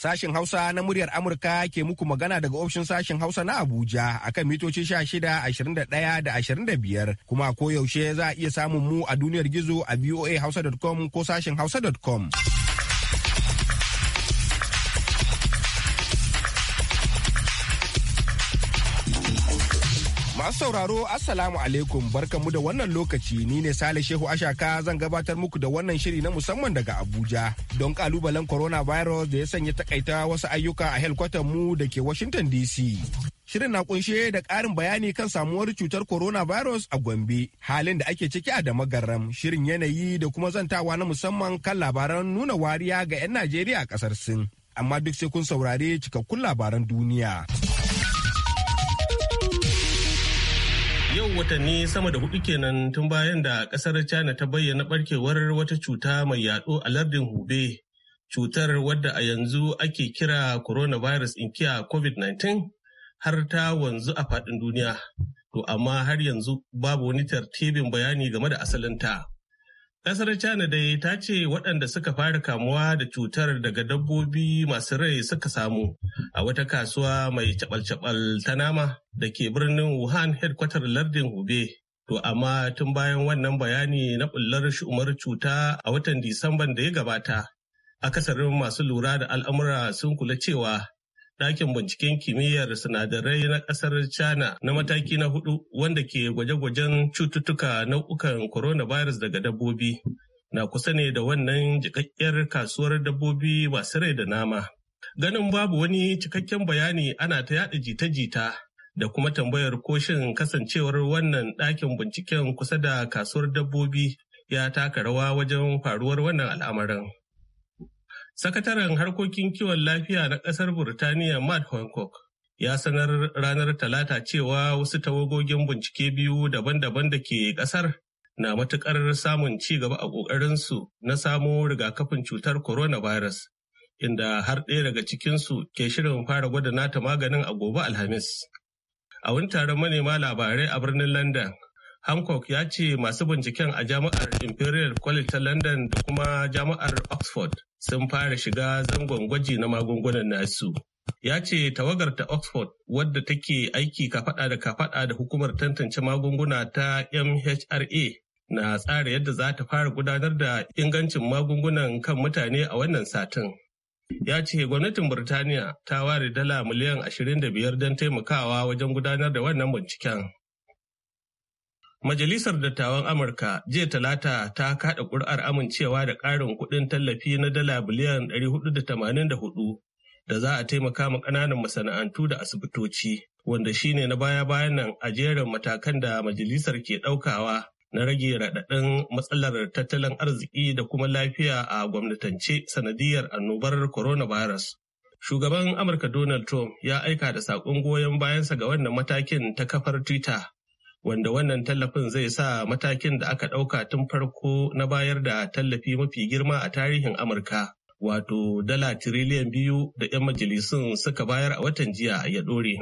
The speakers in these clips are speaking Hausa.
Sashen Hausa na muryar Amurka ke muku magana daga ofishin sashen Hausa na Abuja akan mitoci 16, da 25 kuma koyaushe za a iya samun mu a duniyar gizo a voahausa.com ko sashen hausa.com. Masu sauraro Assalamu alaikum barkamu da wannan lokaci ni ne Sale Shehu Ashaka zan gabatar muku da wannan shiri na musamman daga Abuja don kalubalen coronavirus da ya sanya takaita wasu ayyuka a helkwatar mu da ke Washington DC. Shirin na kunshe da ƙarin bayani kan samuwar cutar coronavirus a Gombe, halin da ake ciki a Damagaram, shirin yanayi da kuma zantawa na musamman kan labaran nuna wariya ga 'yan Najeriya a ƙasar Sin. Amma duk sai kun saurare cikakkun labaran duniya. Yau watanni sama da hudu kenan tun bayan da kasar China ta bayyana barkewar wata cuta mai yaɗo a lardin Hubei. Cutar wadda a yanzu ake kira coronavirus inkiya COVID-19 har ta wanzu a faɗin duniya. To amma har yanzu babu wani tartibin bayani game da asalinta. Ƙasar China dai ta ce waɗanda suka fara kamuwa da cutar daga dabbobi masu rai suka samu a wata kasuwa mai cabal-cabal ta nama da ke birnin Wuhan headquarter lardin Hubei. To amma tun bayan wannan bayani na ɓullar shumar cuta a watan Disamban da ya gabata, akasarin masu lura da al'amura sun kula cewa ɗakin binciken kimiyyar sinadarai na ƙasar China na mataki na hudu wanda ke gwaje-gwajen cututtuka nau'ukan coronavirus daga dabbobi na kusa ne da wannan jikakkiyar kasuwar dabbobi masu rai da nama. Ganin babu wani cikakken bayani ana ta yaɗa jita-jita da kuma tambayar koshin kasancewar wannan ɗakin binciken kusa da kasuwar dabbobi ya taka rawa wajen faruwar wannan al'amarin. Sakataren harkokin kiwon lafiya na ƙasar Burtaniya Matt Hancock ya sanar ranar Talata cewa wasu tawagogin bincike biyu daban-daban da ke ƙasar na matuƙar samun ci gaba a ƙoƙarinsu na samo rigakafin cutar coronavirus, inda har ɗaya daga cikinsu ke shirin fara gwada nata maganin a gobe Alhamis. A wani taron manema labarai a birnin London, Hancock ya ce masu binciken a jami'ar Imperial College ta London da kuma jami'ar Oxford sun fara shiga zangon gwaji na magungunan nasu. Ya ce tawagar ta Oxford wadda take aiki kafada da kafada da hukumar tantance magunguna ta MHRA na tsara yadda za ta fara gudanar da ingancin magungunan kan mutane a wannan satin. ya ce gwamnatin Burtaniya ta ware dala miliyan 25 don taimakawa wajen gudanar da wannan binciken. Majalisar Dattawan Amurka jiya Talata ta kaɗa ƙuri'ar amincewa da ƙarin kuɗin tallafi na dala biliyan 484 da za a taimaka ma ƙananan masana'antu da asibitoci, wanda shine na baya-bayan nan a jerin matakan da majalisar ke ɗaukawa na rage raɗaɗin matsalar tattalin arziki da kuma lafiya a gwamnatance sanadiyar annobar coronavirus. Shugaban Amurka Donald Trump ya aika da saƙon goyon bayansa ga wannan matakin ta kafar Twitter. wanda wannan tallafin zai sa matakin da aka ɗauka tun farko na bayar da tallafi mafi girma a tarihin Amurka. Wato dala tiriliyan biyu da 'yan majalisun suka bayar a watan jiya ya ɗore.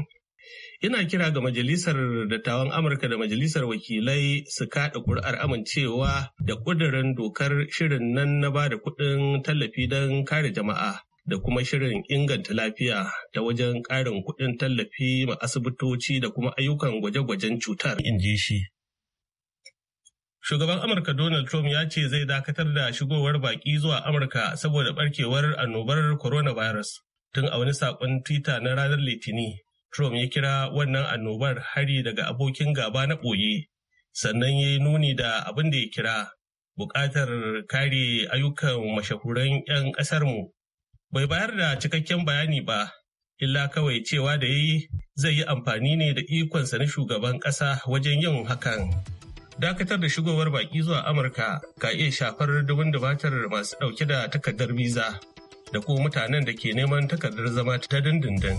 Ina kira ga Majalisar Dattawan Amurka da Majalisar Wakilai su kaɗa ƙuri'ar amincewa da ƙudurin dokar shirin nan na ba da kuɗin tallafi don kare jama'a da kuma shirin inganta lafiya ta wajen ƙarin kuɗin tallafi ma asibitoci da kuma ayyukan gwaje-gwajen cutar in ji shi. Shugaban Amurka Donald Trump ya ce zai dakatar da shigowar baƙi zuwa Amurka saboda barkewar annobar coronavirus. Tun a wani saƙon Twitter na ranar Litini, Trump ya kira wannan annobar hari daga abokin gaba na ɓoye, sannan ya yi nuni da abin da ya kira buƙatar kare ayyukan mashahuran 'yan ƙasarmu bai bayar da cikakken bayani ba illa kawai cewa da yi zai yi amfani ne da ikonsa na shugaban ƙasa wajen yin hakan. Dakatar da shigowar baƙi zuwa Amurka ka iya shafar dubin dubatar masu ɗauke da takardar biza da kuma mutanen da ke neman takardar zama ta dindindin.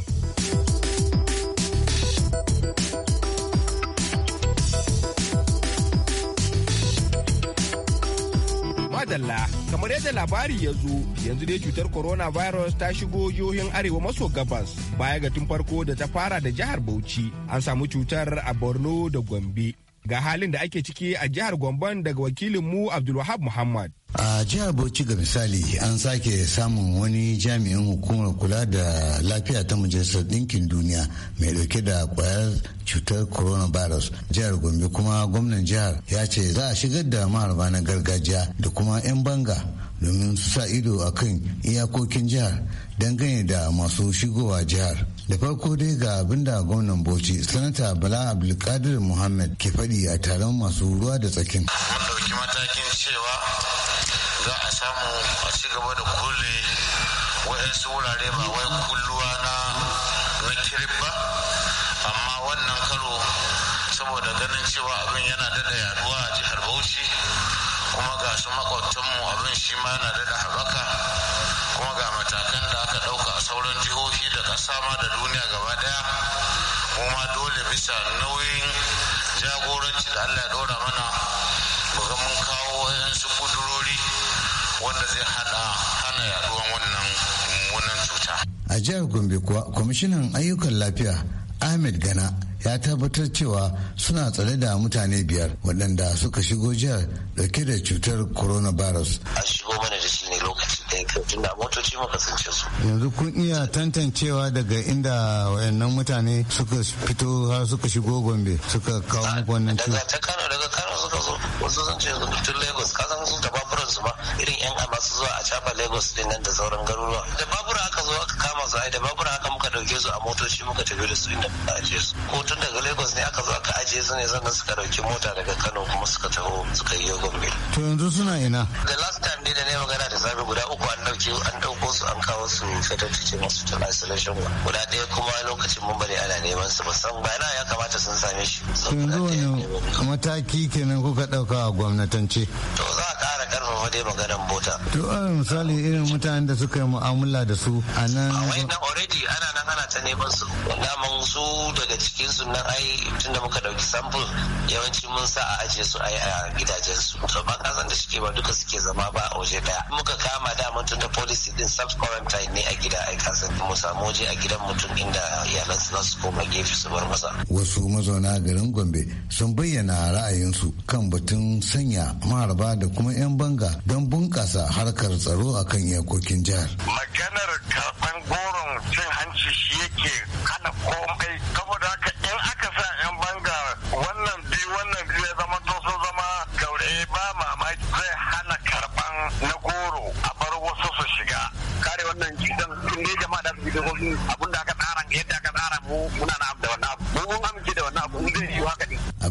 madalla kamar yadda labari ya zo yanzu dai cutar coronavirus ta shigo jihohin arewa maso gabas baya ga tun farko da ta fara da jihar bauchi an samu cutar a borno da gombe ga halin da ake ciki a jihar gomban daga wakilinmu abdulwahab muhammad a jihar bauchi ga misali an sake samun wani jami'in hukumar kula da lafiya ta majalisar ɗinkin duniya mai ɗauke da kwayar cutar coronavirus jihar gombe kuma gwamnan jihar ya ce za a shigar da maharba na gargajiya da kuma 'yan banga domin su sa ido a kan iyakokin jihar dangane da masu shigowa jihar da farko dai ga abin da gwamnan bauchi sanata bala abdulkadir muhammad ke faɗi a taron masu ruwa da tsakin mun samu a ci gaba da kulle wa'yansu wurare ba wai kulluwa na na ba amma wannan karo saboda ganin cewa abin yana daɗa yaduwa a jihar bauchi kuma ga su makwabtanmu abin shi ma yana daɗa haɓaka kuma ga matakan da aka ɗauka a sauran jihohi da ƙasa ma da duniya gaba ɗaya kuma dole bisa nauyin jagoranci da allah ya ɗora mana mu ga mun kawo wayansu kudurori wanda zai hada hana yaduwan wannan mummunan cuta a jihar gombe kuwa kwamishinan ayyukan lafiya ahmed gana ya tabbatar cewa suna tsare da mutane biyar waɗanda suka shigo jihar dauke da cutar coronavirus a shigo mana da shi ne lokaci ɗaya tun da motoci muka ce su yanzu kun iya tantancewa daga inda wayannan mutane suka fito har suka shigo gombe suka kawo muku wannan cutar. daga ta kano daga kano suka zo wasu sun ce tun lagos su ba irin yan amma su zuwa a caba lagos din nan da sauran garuruwa da babura aka zo aka kama su ai da babura aka muka dauke su a motoci muka tafi da su inda muka ajiye su ko tun daga lagos ne aka zo aka ajiye su ne sannan suka dauki mota daga kano kuma suka taho suka yi gombe to yanzu suna ina the last time ne da ne magana da sabi guda uku an dauke an dauko su an kawo su federal teaching hospital isolation guda ɗaya kuma lokacin mun bari ana neman su ba san bayana ya kamata sun same shi yanzu wani mataki kenan kuka dauka a gwamnatance to za dai maganar mota. To misali irin mutanen da suka yi mu'amala da su a nan. A wayan already ana ana ta neman su daman su daga cikin su nan ai tun da muka dauki sample yawanci mun sa a ajiye su ai a gidajen su to ban kasan da suke ba duka suke zama ba a waje daya muka kama daman tun da policy din self quarantine ne a gida ai san mu samu waje a gidan mutum inda iyalan su su koma gefe su bar masa wasu mazauna garin Gombe sun bayyana ra'ayinsu kan batun sanya maharba da kuma 'yan banga don bunkasa harkar tsaro akan iyakokin jihar maganar karban cin hanci shi yake hana komai saboda haka in aka sa 'yan banga wannan biyu wannan biyu ya zama to sun zama gaure ba mamaki zai hana karban na goro a bar wasu su shiga kare wannan gidan tun ne jama'a da su bi abinda aka tsara yadda aka tsara mu muna na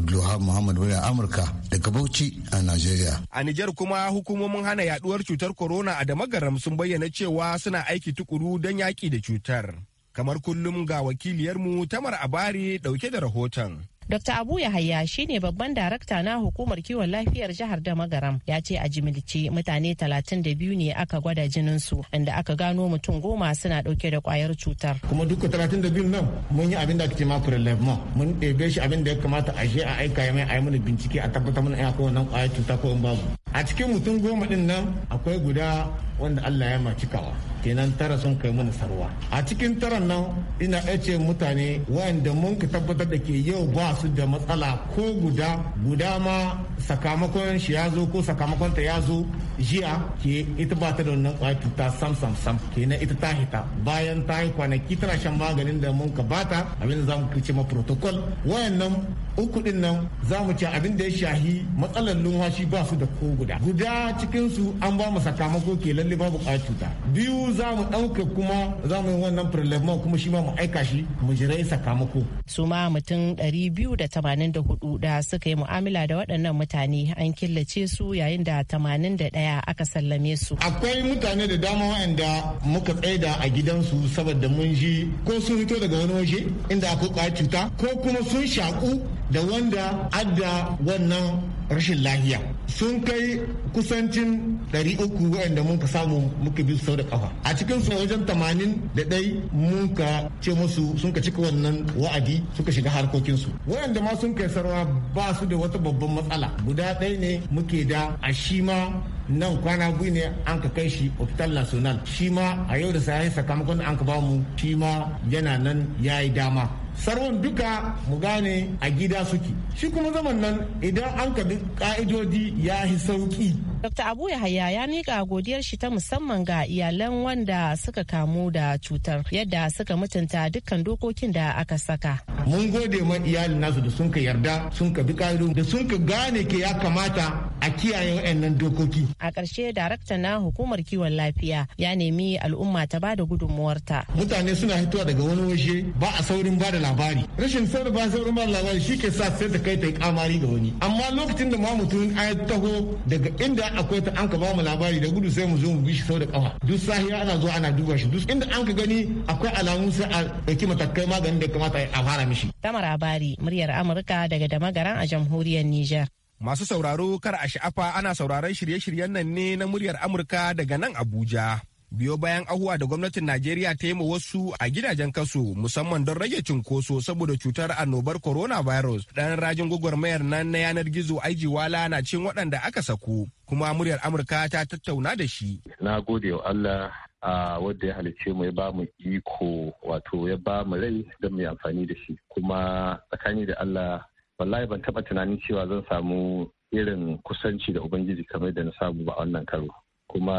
Abdulwahab Muhammad wani Amurka daga Bauchi a Najeriya. A Nijar kuma hukumomin hana yaduwar cutar corona a damagaram sun bayyana cewa suna aiki tukuru don yaki da cutar. Kamar kullum ga wakiliyarmu Tamar Abari dauke da rahoton. Dr. Abu Yahaya shi ne babban darakta na hukumar kiwon lafiyar jihar da Magaram ya ce a jimilce mutane 32 ne aka gwada jinin su inda aka gano mutum goma suna dauke da kwayar cutar. Kuma duka 32 nan mun yi abin da ake ma prelevement mun ɗebe shi abin da ya kamata a a aika ya mai a yi mana bincike a tabbatar mana ya akwai nan kwayar cuta ko in babu. a cikin mutum goma din nan akwai guda wanda Allah ya macikawa kenan tara sun kai mana sarwa a cikin taran nan ina ce mutane wayanda mun ka tabbatar da ke yau ba su da matsala ko guda guda ma sakamakon shi ya zo ko sakamakon ta ya zo jiya ke ita ba ta da wannan kwaya cuta sam sam sam kenan ita ta hita bayan ta yi kwanaki tana shan maganin da mun ka bata abin za mu kirce ma protocol wayannan uku din nan za mu ci abin da ya shahi matsalar numfashi ba su da ko guda guda cikin su an ba mu sakamako ke lalle babu cuta biyu za mu ɗauka kuma za mu yi wannan problem kuma shi ma mu aika shi mu jirai sakamako su ma mutum 284 da suka yi mu'amala da waɗannan mutane an killace su yayin da 81 aka sallame su akwai mutane da dama waɗanda muka tsaida a gidansu saboda mun ji ko sun fito daga wani waje inda akwai kwayar cuta ko kuma sun shaku da wanda adda wannan rashin lahiya sun kai kusancin 300 waɗanda mun ka samu muka bi sau da kafa a cikin su wajen 80 da mun ka ce musu sun ka cika wannan wa'adi suka shiga harkokinsu wa'anda ma sun kai sarwa ba su da wata babban matsala guda ɗaya ne muke da a shi ma nan kwana biyu ne an ka kai shi hospital national shi ma a yau da sai sakamakon an ka bamu shi ma yana nan ya yi dama sarwan duka mu gane a gida suke shi kuma zaman nan idan an ka bi ka'idodi ya hi sauki Dr. Abu Yahaya ya nika godiyar shi ta musamman ga iyalan wanda suka kamu da cutar yadda suka mutunta dukkan dokokin da aka saka. Mun gode ma iyalin nasu da sun ka yarda sun ka bi da sun ka gane ke ya kamata a kiyaye waɗannan dokoki. A ƙarshe daraktan na hukumar kiwon lafiya ya nemi al'umma ta bada gudunmuwarta. Mutane suna hitowa daga wani waje ba a saurin bada labari. Rashin saurin ba saurin bada labari shi ke sa sai ta kai ta yi kamari ga wani. Amma lokacin da ma mutum ya taho daga inda akwai ta an ka ba mu labari da gudu sai mu zo mu bi shi sau da kafa duk sahiya ana zuwa ana duba shi duk inda an ka gani akwai alamu sai a ɗauki matakai maganin da kamata a fara mishi. Tamara abari muryar Amurka daga Damagaran a jamhuriyar Nijar. Masu sauraro kar a sha'afa ana sauraron shirye-shiryen nan ne na muryar Amurka daga nan Abuja. biyo bayan ahuwa da gwamnatin Najeriya ta yi ma wasu a gidajen Kasu, musamman don rage cunkoso saboda cutar annobar coronavirus. Dan rajin gwagwarmayar nan na yanar gizo Ig wala na cin waɗanda aka saku kuma muryar Amurka ta tattauna da shi. Na gode wa Allah a wadda ya halicce mu ya ba mu iko wato ya ba mu rai don mu amfani da shi kuma tsakani da Allah wallahi ban taɓa tunanin cewa zan samu irin kusanci da Ubangiji kamar da na samu ba wannan karo. kuma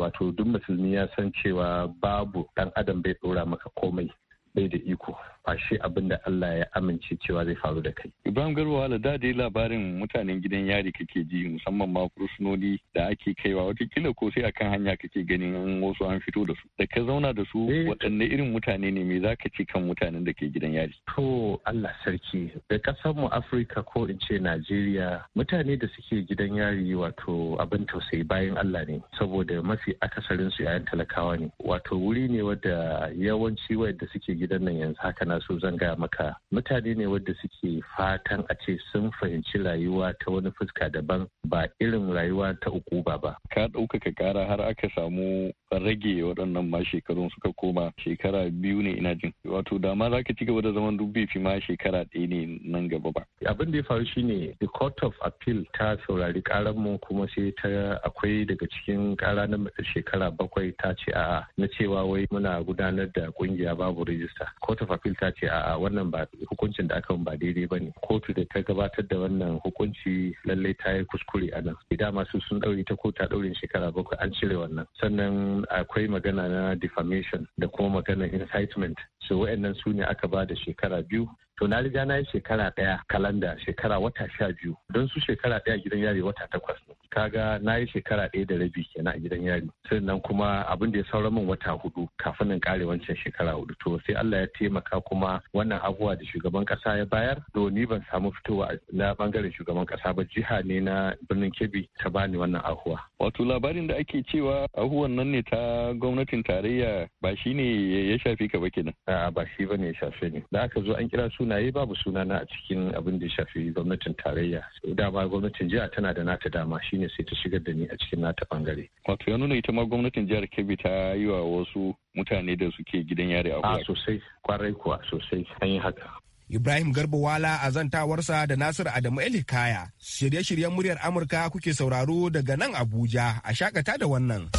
wato duk musulmi ya san cewa babu ɗan adam bai ɗora maka komai bai da iko fashi abin da Allah ya amince cewa zai faru da kai. Ibrahim Garba wala da dai labarin mutanen gidan yari kake ji musamman ma fursunoni da ake kaiwa watakila ko sai akan hanya kake ganin wasu an fito da su. Da ka zauna da su eh. waɗanne irin mutane ne me ka ce kan mutanen da ke gidan yari? To Allah sarki da ƙasar mu Afirka ko in ce Najeriya mutane da suke gidan yari wato abin tausayi bayan Allah ne saboda mafi akasarin su 'ya'yan talakawa ne wato wuri ne wadda yawanci wadda suke gidan nan yanzu haka na so zan gaya maka mutane ne wadda suke fatan a ce sun fahimci rayuwa ta wani fuska daban ba irin rayuwa ta uku ba ka ɗaukaka kara har aka samu rage waɗannan ma shekarun suka koma shekara biyu ne ina jin wato da ma zaka ci gaba da zaman dubbe fi ma shekara ɗaya ne nan gaba ba abin da ya faru shine the court of appeal ta saurari karar mu kuma sai ta akwai daga cikin kara na shekara bakwai ta ce a na cewa wai muna gudanar da kungiya babu rijista court of appeal ta ce a wannan ba hukuncin da aka ba daidai ba ne kotu da ta gabatar da wannan hukunci lallai ta yi kuskure a nan idan masu sun ɗauri ta ko ta ɗaure shekara bakwai an cire wannan sannan akwai magana na defamation da kuma magana incitement so wa'annan su ne aka ba da shekara biyu to na riga na yi shekara daya kalanda shekara wata sha biyu don su shekara daya gidan yari wata takwas ne kaga na yi shekara daya da rabi kenan a gidan yari nan kuma abin da ya saura min wata hudu kafin nan kare wancan shekara hudu to sai Allah ya taimaka kuma wannan abubuwa da shugaban kasa ya bayar to ni ban samu fitowa na bangaren shugaban kasa ba jiha ne na birnin Kebbi ta bani wannan ahuwa wato labarin da ake cewa ahuwan nan ne ta gwamnatin tarayya ba shine ya shafi ka ba kenan a'a ba shi bane ya shafe ni da aka zo an kira su sunaye babu suna na a cikin abin da ya shafi gwamnatin tarayya dama gwamnatin jiha tana da nata dama shine sai ta shigar da ni a cikin nata bangare wato ya nuna ita ma gwamnatin jihar kebbi ta yi wa wasu mutane da suke gidan yare a sosai kwarai kuwa sosai an yi haka Ibrahim garba wala a zantawarsa da Nasir Adamu Elikaya. Shirye-shiryen muryar Amurka kuke sauraro daga nan Abuja a shakata da wannan.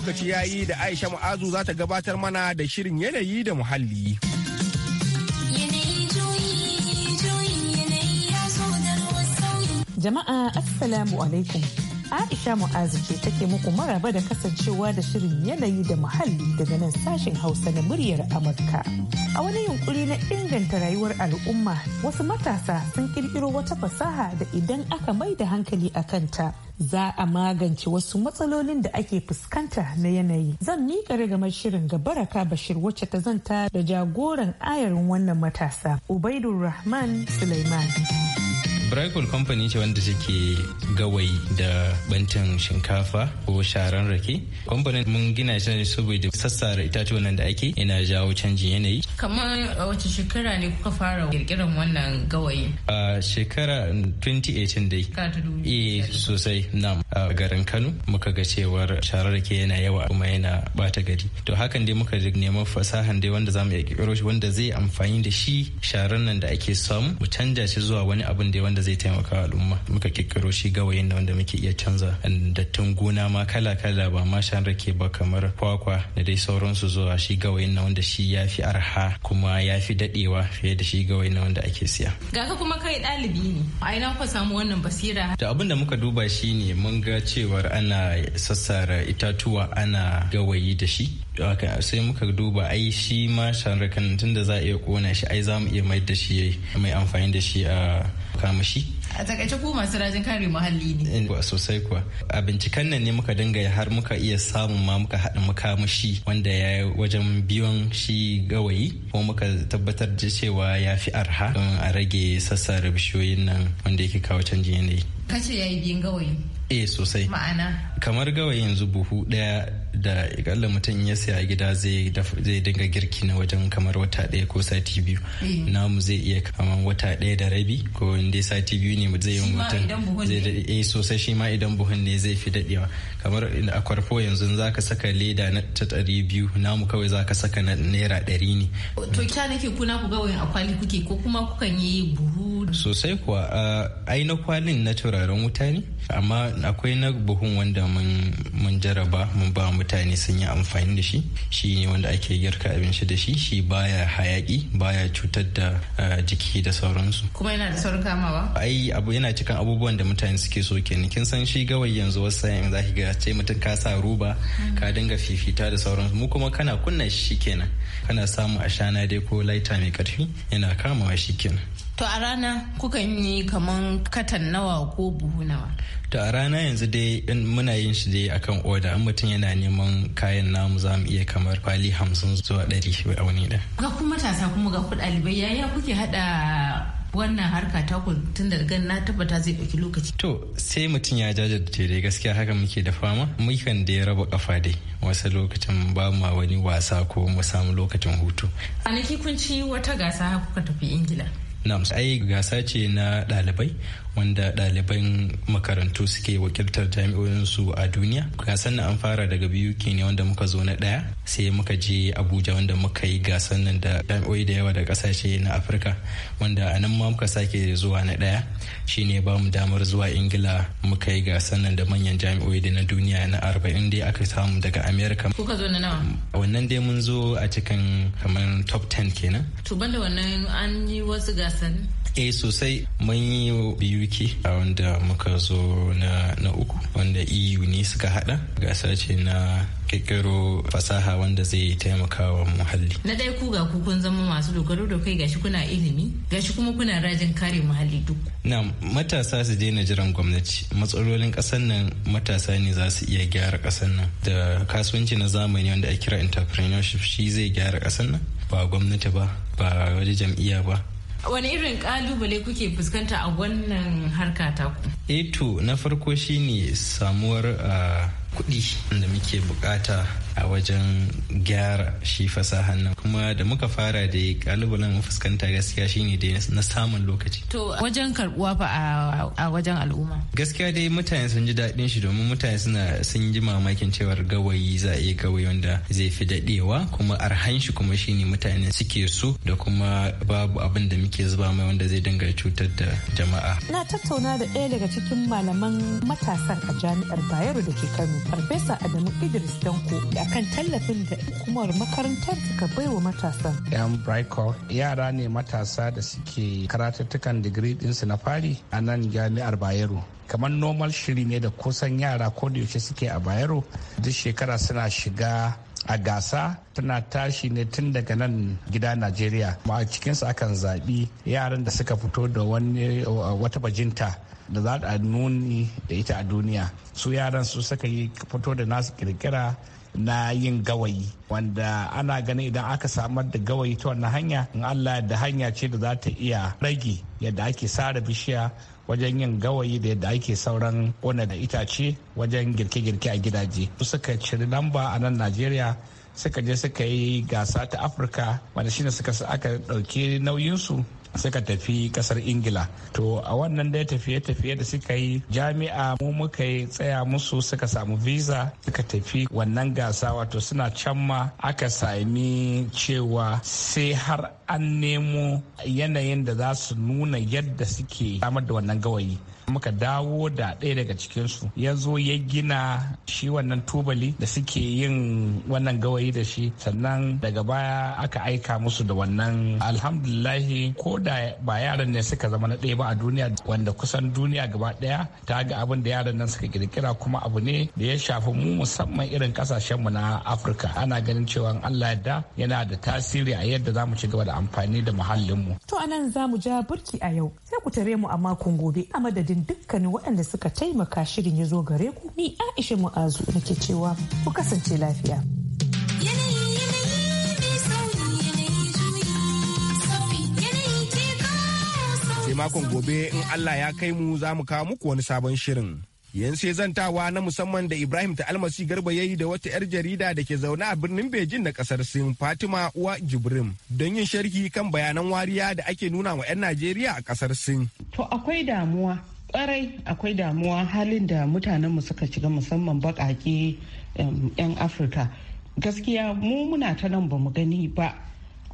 lokaci ya yi da Aisha ma'azu za ta gabatar mana da shirin yanayi da muhalli. Jama'a Assalamu alaikum. Aisha Mu'azu ce take muku maraba da kasancewa da shirin yanayi da muhalli daga nan sashen Hausa na muryar Amurka. A wani yunkuri na inganta rayuwar al'umma, wasu matasa sun kirkiro wata fasaha da idan aka mai da hankali a kanta, za a magance wasu matsalolin da ake fuskanta na yanayi. Zan miƙa rigamar shirin ga Baraka Bashir wacce ta zanta da jagoran ayarin wannan matasa, Ubaidu Rahman Suleiman. Bracol Company ce wanda suke gawayi da bantin shinkafa ko sharan rake. Kamfanin mun gina shi ne saboda sassara itatuwan nan da ake yana jawo canjin yanayi. Kamar a wace shekara ne kuka fara kirkiran wannan gawayi? A shekara 2018 dai. Eh sosai nam. a garin kano muka ga cewar sharar ke yana yawa kuma yana bata gari to hakan dai muka neman fasahan dai wanda zamu iya kirkiro shi wanda zai amfani da shi sharar nan da ake samu mu canja shi zuwa wani abin da wanda zai taimaka al'umma muka kirkiro shi gawayin da wanda muke iya canza um, dattin gona ma kala kala ba ma sharar ke ba kamar kwakwa da dai sauransu zuwa shi gawayin na wanda shi yafi arha kuma yafi dadewa fiye da shi gawayin na wanda ake siya ga ka kuma kai dalibi ne a ina ku samu wannan basira da abin da muka duba shi ne mun ga cewar ana sassara itatuwa ana gawayi da shi sai muka duba ai shi ma shanrakan tun da za a iya kona shi ai za mu iya mai da shi mai amfani da shi a kamashi a takaice ko masu rajin kare muhalli ne eh, sosai kuwa a binciken nan ne muka dinga har muka iya samun ma muka haɗa makamashi wanda ya yi wajen biyon shi gawayi ko muka tabbatar da cewa ya fi arha don a rage sassara bishiyoyin nan wanda yake kawo canjin yanayi kace yayi biyan gawayi eh sosai ma'ana kamar gawayin yanzu buhu daya da ikalla mutum ya siya gida zai dinga girki na wajen kamar wata ɗaya ko sati biyu eh. namu zai iya kamar wata ɗaya da rabi ko inda sati biyu ne zai yi mutum zai da eh sosai shi ma idan buhun ne zai fi daɗewa kamar a kwarfo yanzu za ka saka leda na ta ɗari biyu namu kawai za ka saka na naira ɗari ne. to kya nake kuna ku gawayin akwali kuke ko kuma kukan yi buhu. sosai kuwa eh, ai na kwalin na turaren wuta ne amma akwai na buhun wanda mun jaraba mun ba mu mutane sun yi amfani da shi shi ne wanda ake girka abinci da shi shi baya hayaki baya cutar da eh, jiki da sauransu kuma yana da saurin kamawa ai abu yana cikin abubuwan da mutane suke so kenan kin san shi gawai yanzu wasu sa'in za zaki ga sai mutum ka sa roba ka dinga fifita da sauransu mu kuma kana kunna shi kenan kana samu ashana dai ko laita mai karfi yana kamawa shi kenan To a rana kukan yi kaman katan nawa ko buhu nawa? To a rana yanzu dai muna yin shi dai akan oda an mutum yana neman kayan namu za mu iya kamar kwali hamsin zuwa ɗari a wani da. Ga kuma matasa kuma ga ku ɗalibai yaya kuke haɗa wannan harka ta tun da gan na tabbata zai ɗauki lokaci. To sai mutum ya jajirce dai gaskiya haka muke da fama mukan da ya raba kafa dai wasu lokacin ba ma wani wasa ko mu samu lokacin hutu. A kun ci wata gasa kuka tafi Ingila. na ai gasa ce na ɗalibai wanda ɗaliban makarantu suke wakiltar su a duniya gasan na an fara daga biyu ke ne wanda muka zo na ɗaya sai muka je abuja wanda muka yi gasan nan da jami'o'i da yawa da ƙasashe na afirka wanda a nan ma muka sake zuwa na ɗaya shine ba mu damar zuwa ingila muka yi gasan nan da manyan jami'o'i da na duniya na arba'in dai aka samu daga amerika kuka zo na nawa wannan dai mun zo a cikin kamar top 10 kenan to banda wannan an yi wasu gasan eh sosai mun yi biyu ki a wanda muka zo na, na uku wanda EU ne suka hada gasa ce na kirkiro fasaha wanda zai taimaka wa muhalli. Na dai ku ga kun zama masu dogaro da kai gashi kuna ilimi gashi kuma kuna rajin kare muhalli duk. Na matasa su daina jiran gwamnati matsalolin ƙasar nan matasa ne za su iya gyara ƙasar nan da kasuwanci na zamani wanda a kira entrepreneurship shi zai gyara ƙasar nan ba gwamnati ba ba wani jam'iyya ba wani irin kalubale kuke fuskanta a wannan harka taku eto eh na farko shine samuwar ah, kuɗi da muke bukata a wajen gyara shi fasahan nan kuma da muka fara da kalubalen fuskanta gaskiya shine dai na samun lokaci to wajen karbuwa fa a wajen al'umma gaskiya dai mutane sun ji daɗin shi domin mutane suna sun ji mamakin cewar gawayi za a iya gawayi wanda zai fi daɗewa kuma arhan shi kuma shine mutane suke so da kuma babu abin da muke zuba mai wanda zai dinga cutar da jama'a na tattauna da ɗaya daga cikin malaman matasan a jami'ar bayero da ke kano farfesa adamu idris danko akan tallafin da hukumar makarantar suka baiwa matasan. Yan Brighton yara ne matasa da suke karatattukan digiri ɗinsu na fari a nan jami'ar Bayero. kamar normal shiri ne da kusan yara ko da yaushe suke a bayero duk shekara suna shiga a gasa tana tashi ne tun daga nan gida najeriya ma a cikinsu akan zaɓi yaran da suka fito da wani wata bajinta da za a nuni da ita a duniya su yaran su suka yi fito da nasu kirkira na yin gawayi wanda ana ganin idan aka samar da gawayi ta wannan hanya in allah da hanya ce da za ta iya rage yadda ake sare bishiya wajen yin gawayi da yadda ake sauran kona da itace wajen girke-girke a gidaje suka ciri lamba a nan najeriya suka je suka yi gasa ta afirka wanda shine suka aka ɗauki nauyinsu suka tafi kasar ingila to a wannan dai tafiye-tafiye da suka yi jami'a mu muka yi tsaya musu suka samu visa suka tafi wannan gasa wato suna can ma aka sami cewa sai har an nemo yanayin da za su nuna yadda suke samar da wannan gawayi muka dawo da ɗaya daga cikinsu ya zo ya gina shi wannan tubali da suke yin wannan gawayi da shi sannan daga baya aka aika musu da wannan alhamdulillahi ko da ba yaran ne suka zama na ɗaya ba a duniya wanda kusan duniya gaba ɗaya ta ga abin da yaran nan suka kirkira kuma abu ne da ya shafi mu musamman irin kasashenmu na afirka ana ganin cewa allah yadda yana da tasiri a yadda zamu mu ci gaba da amfani da muhallinmu. to anan za mu ja burki a yau sai ku tare mu a makon gobe a madadin dukkanin waɗanda suka taimaka shirin ya zo gare ku ni Aisha Mu'azu nake cewa ku kasance lafiya. Sai makon gobe in Allah ya kai mu za mu kawo muku wani sabon shirin. yanzu zantawa na musamman da ibrahim ta almasi garba yayi da wata 'yar jarida da ke zaune a birnin beijing na kasar sin fatima uwa jibrim don yin sharhi kan bayanan wariya da ake nuna wa 'yan najeriya a kasar sin to akwai damuwa kwarai akwai damuwa halin da mutanenmu suka shiga musamman baƙaƙe 'yan afirka gaskiya mu muna ta nan ba mu gani ba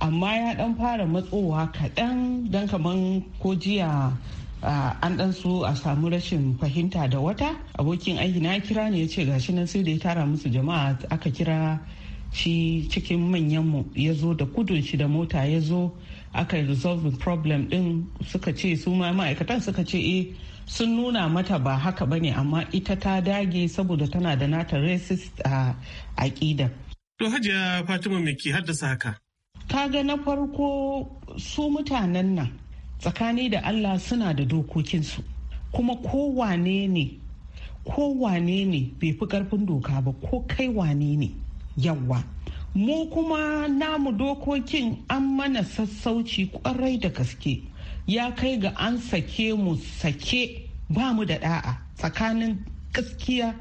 amma ya dan fara matsowa kaɗan don kaman ko jiya an dan so a samu rashin fahimta da wata abokin aiki na kira ne ya ce gashi nan sai da ya tara musu jama'a aka kira shi cikin manyanmu ya zo da kudun shi da mota ya zo aka resolve problem din suka ce su ma ma'aikatan suka ce eh sun nuna mata ba haka ba ne amma ita ta dage saboda tana da nata racist a aƙida. To hajiya Fatima me ke haddasa haka? ga na farko su mutanen nan tsakani da Allah suna da dokokinsu kuma kowane ne kowane ne bai fi karfin doka ba ko kai wane ne yawa mu kuma namu dokokin an mana sassauci kwarai da gaske ya kai ga an sake mu sake ba mu da da'a tsakanin gaskiya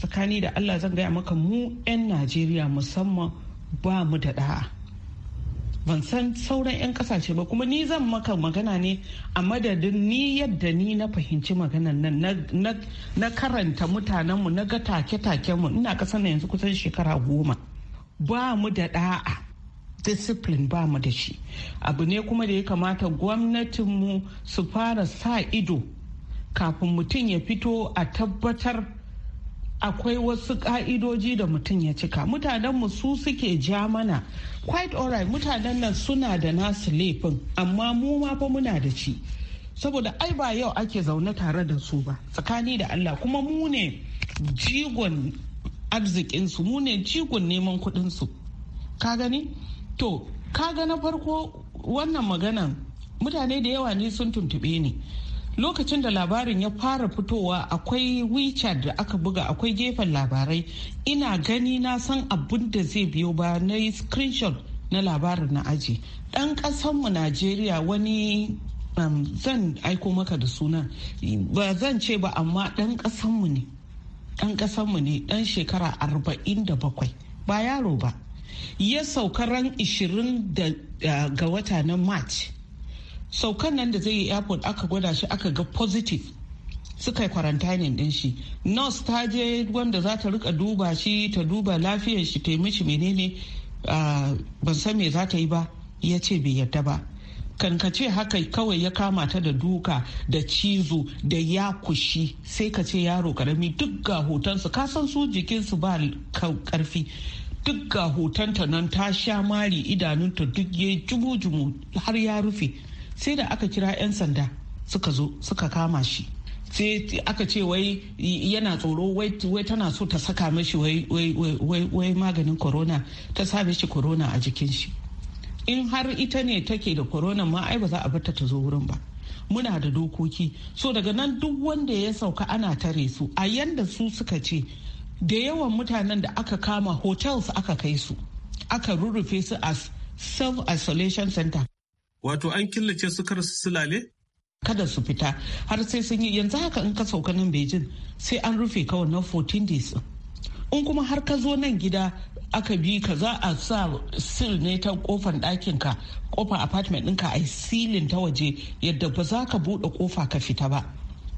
tsakani da allah zan gaya maka mu 'yan najeriya musamman ba mu da da'a ban san sauran 'yan kasashe ba kuma ni zan maka magana ne a madadin ni yadda ni na fahimci maganan nan na karanta mutanenmu na ga take mu ina kasa yanzu kusan shekara goma ba mu da da'a discipline ba mu da shi abu ne kuma da ya kamata gwamnatinmu su fara sa ido kafin mutum ya fito a tabbatar akwai wasu ka'idoji da mutum ya cika mutanenmu su suke ja mana quite alright mutanen nan suna da nasu laifin amma mu ma fa muna da shi saboda ai ba yau ake zaune tare da su ba tsakani da allah kuma mu ne jigon arzikinsu mu ne jigon neman kuɗinsu ka gani to kaga na farko wannan maganan mutane da yawa ne sun tuntube ni lokacin da labarin ya fara fitowa akwai wechat da aka buga akwai gefen labarai ina gani na san abin da zai biyo ba na yi screenshot na labarin na aji ɗan ƙasanmu najeriya wani um, zan aiko maka da sunan ba zan ce ba amma ɗan ƙasanmu ne ɗan ƙasanmu ne ɗan shekara 47 ba yaro ba ya sauka ran 20 eh, ga wata na march saukan nan da zai yi airport aka gwada shi aka ga positive suka yi quarantining din shi nurse ta je wanda za ta rika duba shi ta duba lafiyar shi ta mishi menene eh, ban san me za ta yi ba ya ce bai yarda ba kankace haka kawai ya kama ta da duka da cizo da ya kushi sai ka ce yaro karami duk ga hotonsu kasan su jikinsu ba karfi duk ga hotonta nan ta sha mari idanunta duk ya jumu-jumu har ya rufe sai da aka kira 'yan sanda suka zo suka kama shi sai aka ce wai yana tsoro wai tana so ta saka mashi wai maganin corona ta sa mashi corona a jikin shi in har ita ne take da corona ma ai ba za a barta ta zo wurin ba muna da dokoki so daga nan duk wanda ya sauka ana tare su a yanda su suka ce da yawan mutanen da aka kama hotels aka kai su aka rurrufe su a self-isolation center wato an killace su kar su silale kada su fita har sai sun yi yanzu haka in ka sauka nan beijing sai an rufe kawai na 14 days in kuma har ka zo nan gida aka bi ka za a sa sil ne ta kofar ɗakinka ka kofar apartment ɗinka a silin ta waje yadda ba za ka buɗe kofa ka fita ba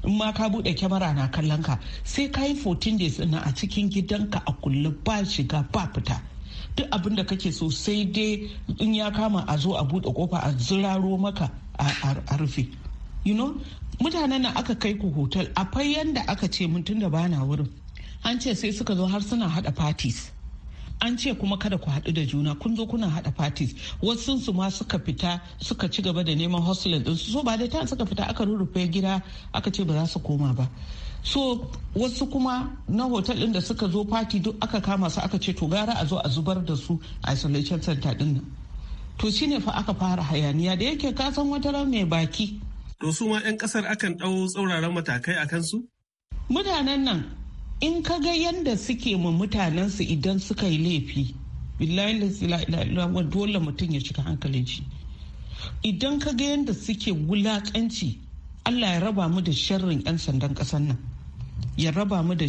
in ma ka bude kyamara na kallon ka sai ka yi 14 days na a cikin gidanka a kulle ba shiga ba fita duk abin da kake so sai dai in ya kama a zo a bude kofa a ziraro maka a rufe you know mutanen nan aka kai ku hotel a yanda aka ce mun tunda bana wurin an ce sai suka zo har suna hada parties an ce kuma kada ku haɗu da juna kun zo kuna haɗa parties wasu su ma suka fita suka ci gaba da neman hostel din su so ba da ta suka fita aka rurrufe gida aka ce ba za su koma ba so wasu kuma na hotel din da suka zo party duk aka kama su aka ce to gara a zo a zubar da su isolation center din nan to shine fa aka fara hayaniya da yake ka san wata mai baki to su ma 'yan kasar akan ɗau tsauraran matakai a kansu mutanen nan in ka ga yadda suke ma mutanensu idan suka yi laifi billahi dole mutum ya shiga hankalin shi idan ka ga yadda suke wulakanci allah ya raba mu da sharrin 'yan sandan ƙasar nan ya raba mu da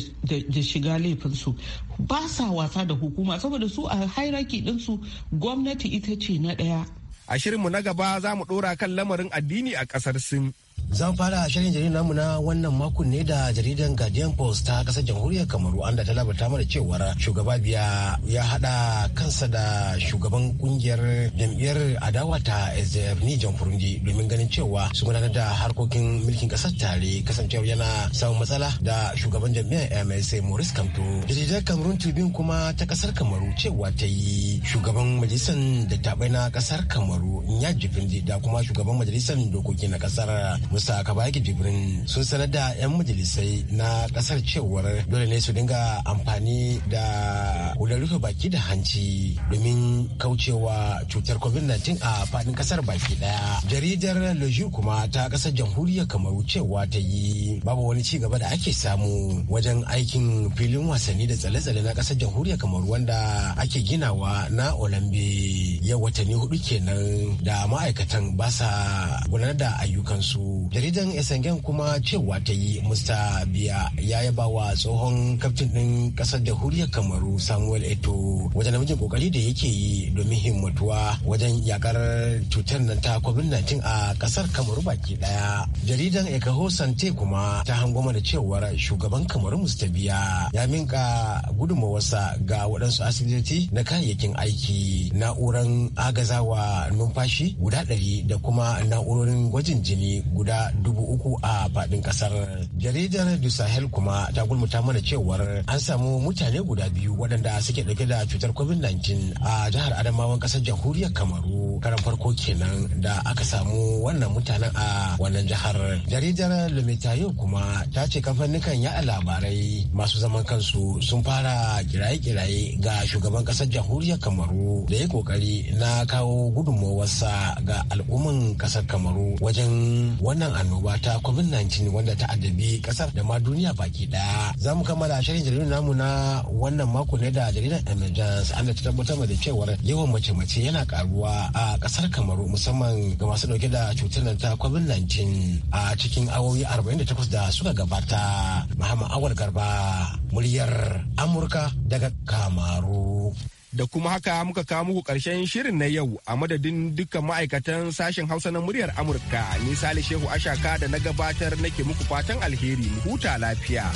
shiga laifinsu ba sa wasa da hukuma saboda su a hairaki ɗinsu gwamnati ita ce na ɗaya a mu na gaba za mu ɗora kan lamarin addini a ƙasar sin Zan fara shirin jaridar namu na wannan makon ne da jaridar Guardian Post ta kasar jamhuriyar Kamaru an da ta labarta mana cewar shugaba biya ya hada kansa da shugaban kungiyar jam'iyyar adawa ta SDF ni jamhurundi domin ganin cewa sun gudanar da harkokin mulkin kasar tare kasancewar yana samun matsala da shugaban jam'iyyar MSA Maurice Kamto. Jaridar Kamarun Tribune kuma ta kasar Kamaru cewa ta yi shugaban majalisar dattabai na kasar Kamaru Nyaji da kuma shugaban majalisar dokoki na kasar Mr. Kabaki Jibrin sun sanar da 'yan majalisai na kasar cewar dole ne su dinga amfani da hular rufe baki da hanci domin kaucewa cutar COVID-19 a fadin kasar baki daya. Jaridar Leju kuma ta kasar jamhuriyar Kamaru cewa ta yi babu wani ci gaba da ake samu wajen aikin filin wasanni da tsale-tsale na kasar jamhuriyar Kamaru wanda ake ginawa na Olambe yau watanni hudu kenan da ma'aikatan ba sa gudanar da ayyukansu jaridan esangen kuma cewa ta yi musta biya ya yaba wa tsohon kaftin ɗin ƙasar huriyar kamaru samuel eto wajen namijin kokari da yake yi domin himmatuwa wajen yakar cutar nan ta covid-19 a ƙasar kamaru baki ɗaya jaridan ekaho sante kuma ta hangoma da cewar shugaban kamaru musta biya ya minka gudunmawarsa ga waɗansu asibiti na kayayyakin aiki na'urar agazawa numfashi guda ɗari da kuma na'urorin gwajin jini guda guda dubu uku a faɗin ƙasar. Jaridar Du Sahel kuma ta gulmuta mana cewar an samu mutane guda biyu waɗanda suke ɗauke da cutar COVID-19 a jihar Adamawan ƙasar jamhuriyar Kamaru. Karan farko kenan da aka samu wannan mutanen a wannan jihar. Jaridar Lumitayo kuma ta ce kamfanin ya labarai masu zaman kansu sun fara kiraye-kiraye ga shugaban ƙasar jamhuriyar Kamaru da ya ƙoƙari na kawo gudunmawarsa ga al'umman ƙasar Kamaru wajen wannan wannan annoba ta covid-19 wanda ta addabi kasar da ma duniya baki daya za mu kammala shirin jaridar namu na wannan mako ne da jaridar emergence an da ta tabbatar da cewar yawan mace-mace yana karuwa a kasar kamaru musamman ga masu dauke da cutar nan ta covid-19 a cikin awowi 48 da suka gabata muhammad awal garba muryar amurka daga kamaru da kuma haka muka kawo muku karshen shirin na yau a madadin dukkan ma'aikatan sashen hausa na muryar amurka ni sale shehu ashaka da na gabatar nake muku fatan alheri mu huta lafiya